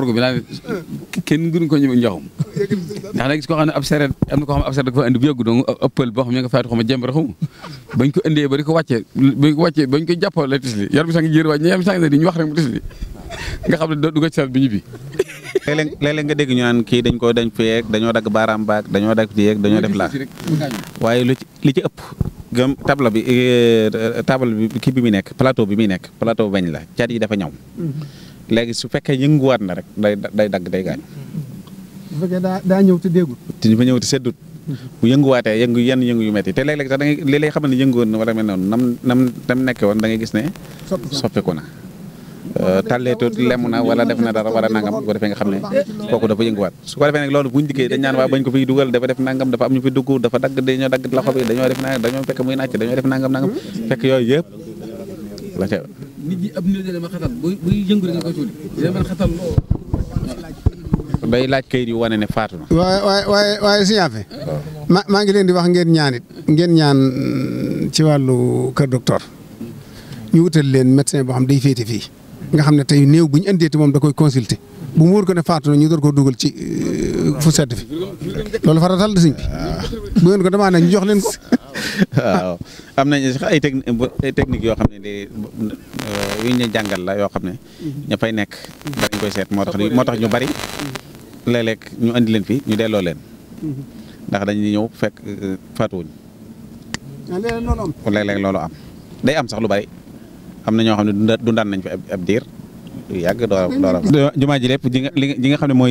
korgo bi laa kenn gënuñ ko ñëw njaxum ndax da xam ne ab sereet am na koo xam ne ab sereet dafa indi bu yàgg donc ko indee ba ko wàccee bañ ko wàccee bañ ko jàppoo la tisli yar bi sang jër waaj yar bi sang di ñu xam ne du ko ci sereet bi ñibbi léeg-léeg nga dégg ñu naan kii dañ koo dañ fi dañoo dagg baaraam baak dañoo dagg ci yeeg dañoo def laa waaye lu ci li ci ëpp gëm table bi eh, table bi kii bi muy nekk plateau bi muy nekk plateau bañ la cat yi dafa ñaw léegi su fekkee yënguwaat na rek day day dagg day gaañ. bu daa daa ñëw te déggul. te ñu fa ñëw te seddut. bu yënguwaatee yëngu yenn yëngu yu métti te léeg-léeg sax da ngay li lay na wala mel noonu nam nekkee woon da ngay gis ne. soppiku na euh, tàlleetut lemu na wala def na dara wala nangam bu ko defee nga xam ne eh, eh, eh. kooku dafa yënguwaat su ko defee nag loolu buñu dikkee dañ naan waa bañ ko fekk yooyu yëpp la ca nit ñi ab nit dama xatal bu laaj kayit yu wane ne faatu na. waaye waaye waaye si ñaafe ma maa ngi leen di wax ngeen ñaani ngeen ñaan ci wàllu kër docteur ñu wutal leen médecin boo xam day féete fii nga xam ne tey néew bu ñu andeeti moom da koy consulter bu mu wóor ko ne faatu ñu door ko dugal ci euh, fu sedd fi loolu faratal da siñ bi bu ngeen ko demaanee ñu jox leen ko. waaw am nañu sax ay technique yoo xam ne di euh, yu ñu jàngal la yoo xam ne mhm. ña fay nekk dañ koy seet moo tax moo tax ñu bari mhm. léeg-léeg ñu andi leen fi ñu delloo leen mhm. ndax dañuy ñëw fekk euh, faatuwuñ ah, léeg-léeg loolu am day am sax lu bari am na ñoo xam ne dundaan nañ fi ab diir yàgg door a jumaa ji lépp ji xam ne mooy